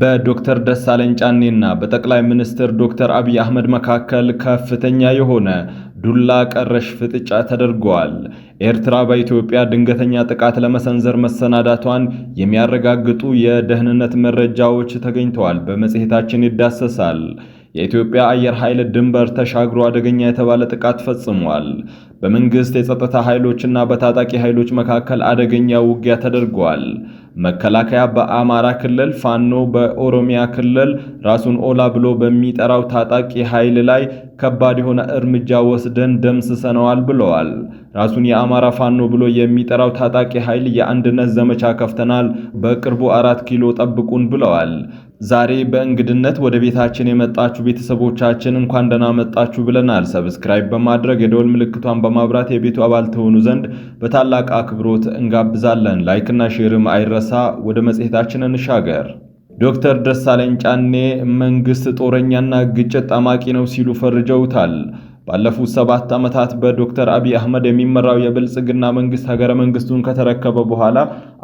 በዶክተር ደሳለኝ ጫኔና በጠቅላይ ሚኒስትር ዶክተር አብይ አህመድ መካከል ከፍተኛ የሆነ ዱላ ቀረሽ ፍጥጫ ተደርጓል። ኤርትራ በኢትዮጵያ ድንገተኛ ጥቃት ለመሰንዘር መሰናዳቷን የሚያረጋግጡ የደህንነት መረጃዎች ተገኝተዋል። በመጽሔታችን ይዳሰሳል። የኢትዮጵያ አየር ኃይል ድንበር ተሻግሮ አደገኛ የተባለ ጥቃት ፈጽሟል። በመንግሥት የጸጥታ ኃይሎችና በታጣቂ ኃይሎች መካከል አደገኛ ውጊያ ተደርጓል። መከላከያ በአማራ ክልል፣ ፋኖ በኦሮሚያ ክልል ራሱን ኦላ ብሎ በሚጠራው ታጣቂ ኃይል ላይ ከባድ የሆነ እርምጃ ወስደን ደምስሰነዋል ብለዋል። ራሱን የአማራ ፋኖ ብሎ የሚጠራው ታጣቂ ኃይል የአንድነት ዘመቻ ከፍተናል፣ በቅርቡ አራት ኪሎ ጠብቁን ብለዋል። ዛሬ በእንግድነት ወደ ቤታችን የመጣችሁ ቤተሰቦቻችን እንኳን ደህና መጣችሁ ብለናል። ሰብስክራይብ በማድረግ የደወል ምልክቷን በማብራት የቤቱ አባል ትሆኑ ዘንድ በታላቅ አክብሮት እንጋብዛለን። ላይክና ሼርም አይረሳ። ወደ መጽሔታችን እንሻገር። ዶክተር ደሳለኝ ጫኔ መንግስት ጦረኛና ግጭት ጣማቂ ነው ሲሉ ፈርጀውታል። ባለፉት ሰባት ዓመታት በዶክተር አብይ አህመድ የሚመራው የብልጽግና መንግስት ሀገረ መንግስቱን ከተረከበ በኋላ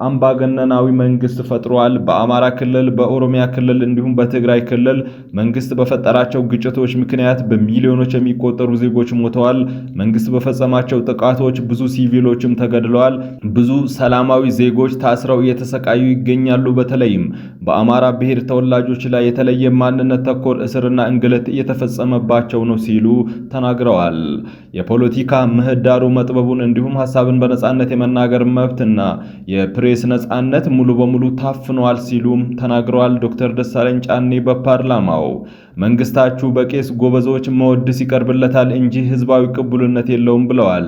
አምባገነናዊ መንግስት ፈጥሯል። በአማራ ክልል፣ በኦሮሚያ ክልል እንዲሁም በትግራይ ክልል መንግስት በፈጠራቸው ግጭቶች ምክንያት በሚሊዮኖች የሚቆጠሩ ዜጎች ሞተዋል። መንግስት በፈጸማቸው ጥቃቶች ብዙ ሲቪሎችም ተገድለዋል። ብዙ ሰላማዊ ዜጎች ታስረው እየተሰቃዩ ይገኛሉ። በተለይም በአማራ ብሔር ተወላጆች ላይ የተለየ ማንነት ተኮር እስርና እንግልት እየተፈጸመባቸው ነው ሲሉ ተናግረዋል። ተናግረዋል። የፖለቲካ ምህዳሩ መጥበቡን እንዲሁም ሀሳብን በነጻነት የመናገር መብትና የፕሬስ ነጻነት ሙሉ በሙሉ ታፍኗል ሲሉም ተናግረዋል። ዶክተር ደሳለኝ ጫኔ በፓርላማው መንግስታችሁ በቄስ ጎበዞች መወድስ ይቀርብለታል እንጂ ህዝባዊ ቅቡልነት የለውም ብለዋል።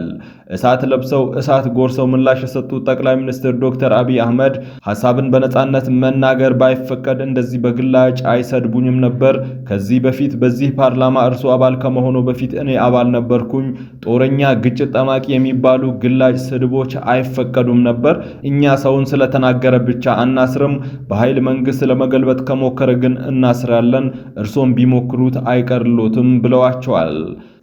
እሳት ለብሰው እሳት ጎርሰው ምላሽ የሰጡት ጠቅላይ ሚኒስትር ዶክተር አብይ አህመድ ሀሳብን በነጻነት መናገር ባይፈቀድ እንደዚህ በግላጭ አይሰድቡኝም ነበር። ከዚህ በፊት በዚህ ፓርላማ እርሱ አባል ከመሆኑ በፊት እኔ አባል ነበርኩኝ። ጦረኛ፣ ግጭት ጠማቂ የሚባሉ ግላጭ ስድቦች አይፈቀዱም ነበር። እኛ ሰውን ስለተናገረ ብቻ አናስርም። በኃይል መንግስት ለመገልበጥ ከሞከረ ግን እናስራለን። እርሶም ቢሞክሩት አይቀርሎትም ብለዋቸዋል።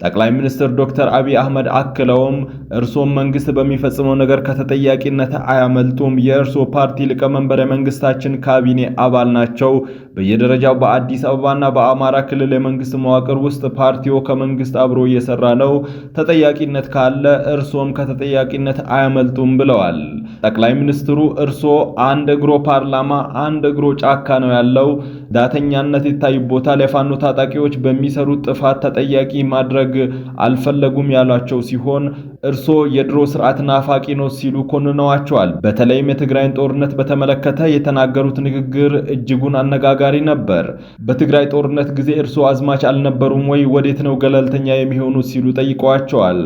ጠቅላይ ሚኒስትር ዶክተር አብይ አህመድ አክለውም እርሶም መንግስት በሚፈጽመው ነገር ከተጠያቂነት አያመልጡም፣ የእርሶ ፓርቲ ሊቀመንበር የመንግስታችን ካቢኔ አባል ናቸው። በየደረጃው በአዲስ አበባና በአማራ ክልል የመንግስት መዋቅር ውስጥ ፓርቲዎ ከመንግስት አብሮ እየሰራ ነው። ተጠያቂነት ካለ እርሶም ከተጠያቂነት አያመልጡም ብለዋል። ጠቅላይ ሚኒስትሩ እርሶ አንድ እግሮ ፓርላማ አንድ እግሮ ጫካ ነው ያለው፣ ዳተኛነት ይታይቦታል። የፋኖ ታጣቂዎች በሚሰሩት ጥፋት ተጠያቂ ማድረግ ማድረግ አልፈለጉም ያሏቸው ሲሆን እርስዎ የድሮ ስርዓት ናፋቂ ነው ሲሉ ኮንነዋቸዋል። በተለይም የትግራይን ጦርነት በተመለከተ የተናገሩት ንግግር እጅጉን አነጋጋሪ ነበር። በትግራይ ጦርነት ጊዜ እርስዎ አዝማች አልነበሩም ወይ? ወዴት ነው ገለልተኛ የሚሆኑት ሲሉ ጠይቀዋቸዋል።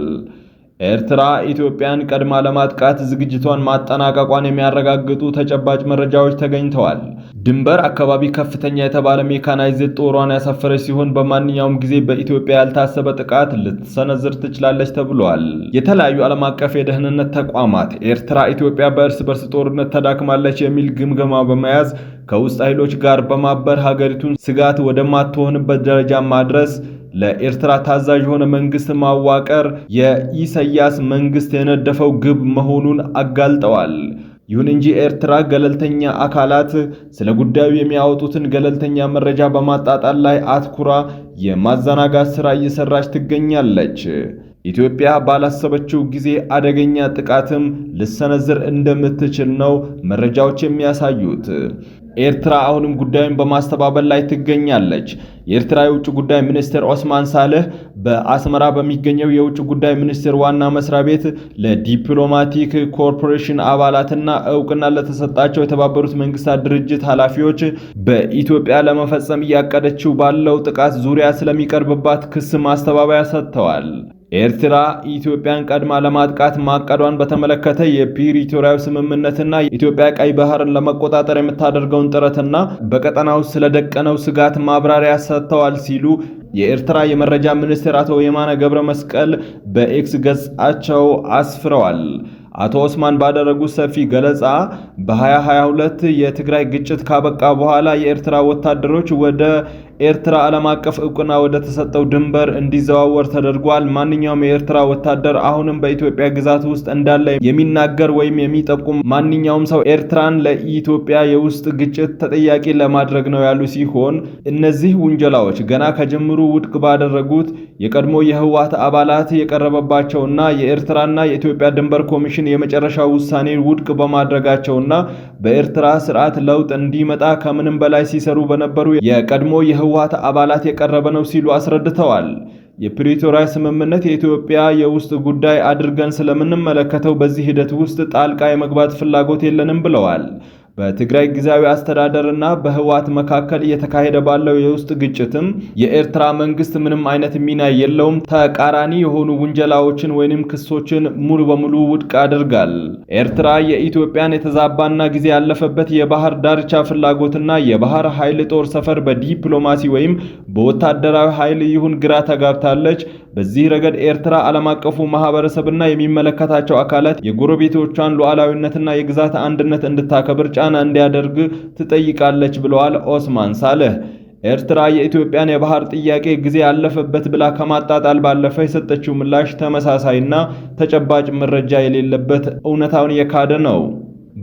ኤርትራ ኢትዮጵያን ቀድማ ለማጥቃት ዝግጅቷን ማጠናቀቋን የሚያረጋግጡ ተጨባጭ መረጃዎች ተገኝተዋል። ድንበር አካባቢ ከፍተኛ የተባለ ሜካናይዝድ ጦሯን ያሰፈረች ሲሆን በማንኛውም ጊዜ በኢትዮጵያ ያልታሰበ ጥቃት ልትሰነዝር ትችላለች ተብሏል። የተለያዩ ዓለም አቀፍ የደህንነት ተቋማት ኤርትራ ኢትዮጵያ በእርስ በርስ ጦርነት ተዳክማለች የሚል ግምገማ በመያዝ ከውስጥ ኃይሎች ጋር በማበር ሀገሪቱን ስጋት ወደማትሆንበት ደረጃ ማድረስ ለኤርትራ ታዛዥ የሆነ መንግስት ማዋቀር የኢሳያስ መንግስት የነደፈው ግብ መሆኑን አጋልጠዋል። ይሁን እንጂ ኤርትራ ገለልተኛ አካላት ስለ ጉዳዩ የሚያወጡትን ገለልተኛ መረጃ በማጣጣል ላይ አትኩራ የማዘናጋት ሥራ እየሰራች ትገኛለች። ኢትዮጵያ ባላሰበችው ጊዜ አደገኛ ጥቃትም ልሰነዝር እንደምትችል ነው መረጃዎች የሚያሳዩት። ኤርትራ አሁንም ጉዳዩን በማስተባበል ላይ ትገኛለች። የኤርትራ የውጭ ጉዳይ ሚኒስትር ኦስማን ሳልህ በአስመራ በሚገኘው የውጭ ጉዳይ ሚኒስቴር ዋና መስሪያ ቤት ለዲፕሎማቲክ ኮርፖሬሽን አባላትና እውቅና ለተሰጣቸው የተባበሩት መንግስታት ድርጅት ኃላፊዎች በኢትዮጵያ ለመፈጸም እያቀደችው ባለው ጥቃት ዙሪያ ስለሚቀርብባት ክስ ማስተባበያ ሰጥተዋል። ኤርትራ ኢትዮጵያን ቀድማ ለማጥቃት ማቀዷን በተመለከተ የፕሪቶሪያው ስምምነትና ኢትዮጵያ ቀይ ባህርን ለመቆጣጠር የምታደርገውን ጥረትና በቀጠናው ስለደቀነው ስጋት ማብራሪያ ሰጥተዋል ሲሉ የኤርትራ የመረጃ ሚኒስትር አቶ የማነ ገብረ መስቀል በኤክስ ገጻቸው አስፍረዋል። አቶ ኦስማን ባደረጉት ሰፊ ገለጻ በ2022 የትግራይ ግጭት ካበቃ በኋላ የኤርትራ ወታደሮች ወደ ኤርትራ ዓለም አቀፍ እውቅና ወደ ተሰጠው ድንበር እንዲዘዋወር ተደርጓል። ማንኛውም የኤርትራ ወታደር አሁንም በኢትዮጵያ ግዛት ውስጥ እንዳለ የሚናገር ወይም የሚጠቁም ማንኛውም ሰው ኤርትራን ለኢትዮጵያ የውስጥ ግጭት ተጠያቂ ለማድረግ ነው ያሉ ሲሆን እነዚህ ውንጀላዎች ገና ከጀምሩ ውድቅ ባደረጉት የቀድሞ የህወሓት አባላት የቀረበባቸውና የኤርትራና የኢትዮጵያ ድንበር ኮሚሽን የመጨረሻ ውሳኔ ውድቅ በማድረጋቸውና በኤርትራ ስርዓት ለውጥ እንዲመጣ ከምንም በላይ ሲሰሩ በነበሩ የቀድሞ የህ የህወሓት አባላት የቀረበ ነው ሲሉ አስረድተዋል። የፕሪቶሪያ ስምምነት የኢትዮጵያ የውስጥ ጉዳይ አድርገን ስለምንመለከተው በዚህ ሂደት ውስጥ ጣልቃ የመግባት ፍላጎት የለንም ብለዋል። በትግራይ ጊዜያዊ አስተዳደርና በህወሓት መካከል እየተካሄደ ባለው የውስጥ ግጭትም የኤርትራ መንግስት ምንም አይነት ሚና የለውም፣ ተቃራኒ የሆኑ ውንጀላዎችን ወይንም ክሶችን ሙሉ በሙሉ ውድቅ አድርጋል። ኤርትራ የኢትዮጵያን የተዛባና ጊዜ ያለፈበት የባህር ዳርቻ ፍላጎትና የባህር ኃይል ጦር ሰፈር በዲፕሎማሲ ወይም በወታደራዊ ኃይል ይሁን ግራ ተጋብታለች። በዚህ ረገድ ኤርትራ ዓለም አቀፉ ማህበረሰብና የሚመለከታቸው አካላት የጎረቤቶቿን ሉዓላዊነትና የግዛት አንድነት እንድታከብር ጫና እንዲያደርግ ትጠይቃለች ብለዋል ኦስማን ሳልህ። ኤርትራ የኢትዮጵያን የባህር ጥያቄ ጊዜ ያለፈበት ብላ ከማጣጣል ባለፈ የሰጠችው ምላሽ ተመሳሳይና ተጨባጭ መረጃ የሌለበት እውነታውን የካደ ነው።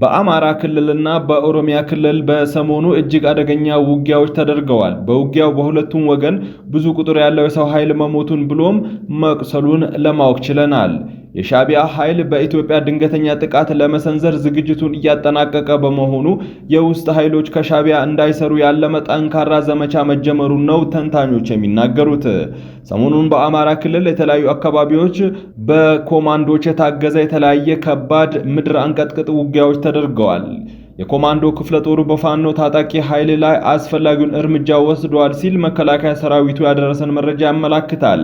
በአማራ ክልልና በኦሮሚያ ክልል በሰሞኑ እጅግ አደገኛ ውጊያዎች ተደርገዋል። በውጊያው በሁለቱም ወገን ብዙ ቁጥር ያለው የሰው ኃይል መሞቱን ብሎም መቁሰሉን ለማወቅ ችለናል። የሻቢያ ኃይል በኢትዮጵያ ድንገተኛ ጥቃት ለመሰንዘር ዝግጅቱን እያጠናቀቀ በመሆኑ የውስጥ ኃይሎች ከሻቢያ እንዳይሰሩ ያለመ ጠንካራ ዘመቻ መጀመሩን ነው ተንታኞች የሚናገሩት። ሰሞኑን በአማራ ክልል የተለያዩ አካባቢዎች በኮማንዶች የታገዘ የተለያየ ከባድ ምድር አንቀጥቅጥ ውጊያዎች ተደርገዋል። የኮማንዶ ክፍለ ጦሩ በፋኖ ታጣቂ ኃይል ላይ አስፈላጊውን እርምጃ ወስዷል ሲል መከላከያ ሰራዊቱ ያደረሰን መረጃ ያመላክታል።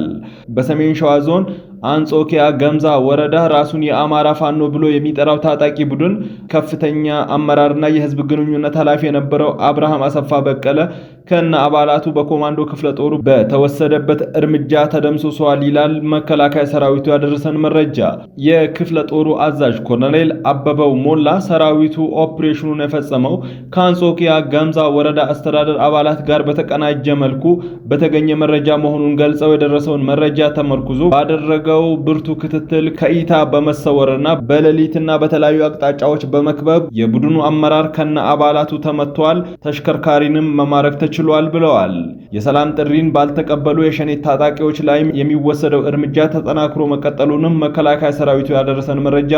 በሰሜን ሸዋ ዞን አንጾኪያ ገምዛ ወረዳ ራሱን የአማራ ፋኖ ብሎ የሚጠራው ታጣቂ ቡድን ከፍተኛ አመራርና የህዝብ ግንኙነት ኃላፊ የነበረው አብርሃም አሰፋ በቀለ ከነ አባላቱ በኮማንዶ ክፍለ ጦሩ በተወሰደበት እርምጃ ተደምስሷል ይላል መከላከያ ሰራዊቱ ያደረሰን መረጃ። የክፍለ ጦሩ አዛዥ ኮሎኔል አበበው ሞላ ሰራዊቱ ኦፕሬሽኑን የፈጸመው ከአንጾኪያ ገምዛ ወረዳ አስተዳደር አባላት ጋር በተቀናጀ መልኩ በተገኘ መረጃ መሆኑን ገልጸው የደረሰውን መረጃ ተመርኩዞ ባደረገ የተደረገው ብርቱ ክትትል ከእይታ በመሰወርና በሌሊትና በተለያዩ አቅጣጫዎች በመክበብ የቡድኑ አመራር ከነ አባላቱ ተመቷል፣ ተሽከርካሪንም መማረክ ተችሏል ብለዋል። የሰላም ጥሪን ባልተቀበሉ የሸኔ ታጣቂዎች ላይ የሚወሰደው እርምጃ ተጠናክሮ መቀጠሉንም መከላከያ ሰራዊቱ ያደረሰን መረጃ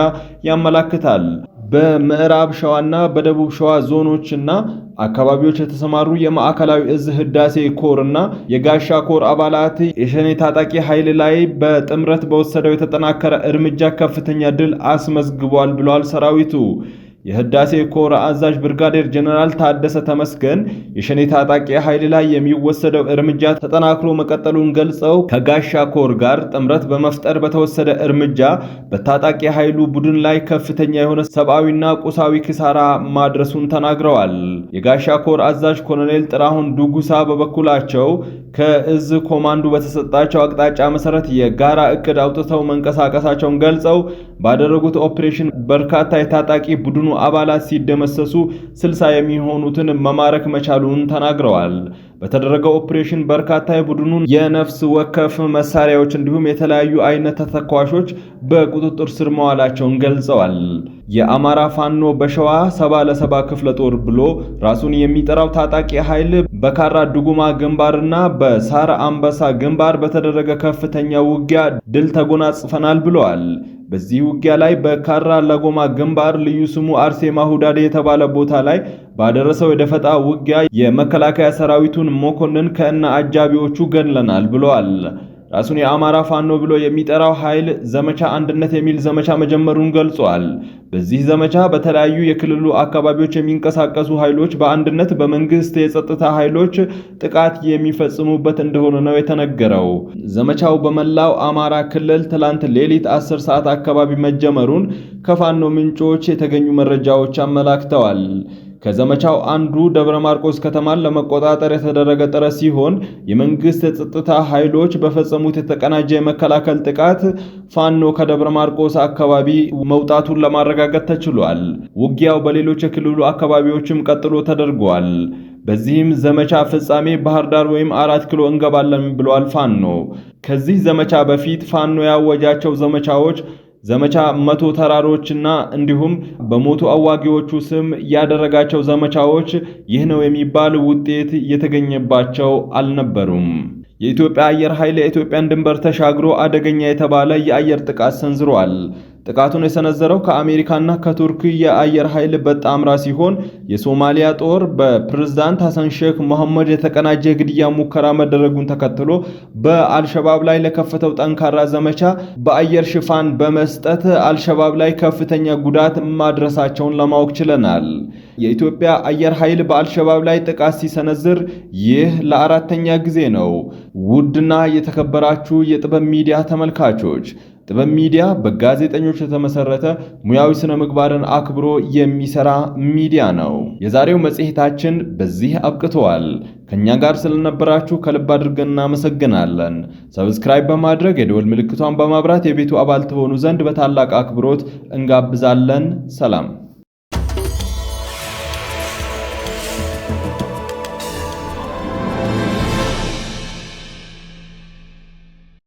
ያመላክታል። በምዕራብ ሸዋና በደቡብ ሸዋ ዞኖችና አካባቢዎች የተሰማሩ የማዕከላዊ እዝ ህዳሴ ኮር እና የጋሻ ኮር አባላት የሸኔ ታጣቂ ኃይል ላይ በጥምረት በወሰደው የተጠናከረ እርምጃ ከፍተኛ ድል አስመዝግቧል ብሏል ሰራዊቱ። የህዳሴ ኮር አዛዥ ብርጋዴር ጀነራል ታደሰ ተመስገን የሸኔ ታጣቂ ኃይል ላይ የሚወሰደው እርምጃ ተጠናክሮ መቀጠሉን ገልጸው ከጋሻ ኮር ጋር ጥምረት በመፍጠር በተወሰደ እርምጃ በታጣቂ ኃይሉ ቡድን ላይ ከፍተኛ የሆነ ሰብአዊና ቁሳዊ ክሳራ ማድረሱን ተናግረዋል። የጋሻ ኮር አዛዥ ኮሎኔል ጥራሁን ዱጉሳ በበኩላቸው ከእዝ ኮማንዱ በተሰጣቸው አቅጣጫ መሰረት የጋራ እቅድ አውጥተው መንቀሳቀሳቸውን ገልጸው ባደረጉት ኦፕሬሽን በርካታ የታጣቂ ቡድኑ አባላት ሲደመሰሱ ስልሳ የሚሆኑትን መማረክ መቻሉን ተናግረዋል። በተደረገው ኦፕሬሽን በርካታ የቡድኑን የነፍስ ወከፍ መሳሪያዎች እንዲሁም የተለያዩ አይነት ተተኳሾች በቁጥጥር ስር መዋላቸውን ገልጸዋል። የአማራ ፋኖ በሸዋ ሰባ ለሰባ ክፍለ ጦር ብሎ ራሱን የሚጠራው ታጣቂ ኃይል በካራ ድጉማ ግንባርና በሳር አንበሳ ግንባር በተደረገ ከፍተኛ ውጊያ ድል ተጎናጽፈናል ብለዋል። በዚህ ውጊያ ላይ በካራ ለጎማ ግንባር ልዩ ስሙ አርሴማ ሁዳዴ የተባለ ቦታ ላይ ባደረሰው የደፈጣ ውጊያ የመከላከያ ሰራዊቱን መኮንን ከነ አጃቢዎቹ ገድለናል ብለዋል። ራሱን የአማራ ፋኖ ብሎ የሚጠራው ኃይል ዘመቻ አንድነት የሚል ዘመቻ መጀመሩን ገልጿል። በዚህ ዘመቻ በተለያዩ የክልሉ አካባቢዎች የሚንቀሳቀሱ ኃይሎች በአንድነት በመንግስት የጸጥታ ኃይሎች ጥቃት የሚፈጽሙበት እንደሆነ ነው የተነገረው። ዘመቻው በመላው አማራ ክልል ትላንት ሌሊት 10 ሰዓት አካባቢ መጀመሩን ከፋኖ ምንጮች የተገኙ መረጃዎች አመላክተዋል። ከዘመቻው አንዱ ደብረ ማርቆስ ከተማን ለመቆጣጠር የተደረገ ጥረት ሲሆን የመንግስት የጸጥታ ኃይሎች በፈጸሙት የተቀናጀ የመከላከል ጥቃት ፋኖ ከደብረ ማርቆስ አካባቢ መውጣቱን ለማረጋገጥ ተችሏል። ውጊያው በሌሎች የክልሉ አካባቢዎችም ቀጥሎ ተደርጓል። በዚህም ዘመቻ ፍጻሜ ባህር ዳር ወይም አራት ኪሎ እንገባለን ብሏል ፋኖ። ከዚህ ዘመቻ በፊት ፋኖ ያወጃቸው ዘመቻዎች ዘመቻ መቶ ተራሮችና እንዲሁም በሞቱ አዋጊዎቹ ስም ያደረጋቸው ዘመቻዎች ይህ ነው የሚባል ውጤት የተገኘባቸው አልነበሩም። የኢትዮጵያ አየር ኃይል የኢትዮጵያን ድንበር ተሻግሮ አደገኛ የተባለ የአየር ጥቃት ሰንዝሯል። ጥቃቱን የሰነዘረው ከአሜሪካና ከቱርክ የአየር ኃይል በጣምራ ሲሆን የሶማሊያ ጦር በፕሬዝዳንት ሐሰን ሼክ መሐመድ የተቀናጀ ግድያ ሙከራ መደረጉን ተከትሎ በአልሸባብ ላይ ለከፈተው ጠንካራ ዘመቻ በአየር ሽፋን በመስጠት አልሸባብ ላይ ከፍተኛ ጉዳት ማድረሳቸውን ለማወቅ ችለናል። የኢትዮጵያ አየር ኃይል በአልሸባብ ላይ ጥቃት ሲሰነዝር ይህ ለአራተኛ ጊዜ ነው። ውድና የተከበራችሁ የጥበብ ሚዲያ ተመልካቾች ጥበብ ሚዲያ በጋዜጠኞች የተመሰረተ ሙያዊ ስነ ምግባርን አክብሮ የሚሰራ ሚዲያ ነው። የዛሬው መጽሔታችን በዚህ አብቅተዋል። ከእኛ ጋር ስለነበራችሁ ከልብ አድርገን እናመሰግናለን። ሰብስክራይብ በማድረግ የደወል ምልክቷን በማብራት የቤቱ አባል ትሆኑ ዘንድ በታላቅ አክብሮት እንጋብዛለን። ሰላም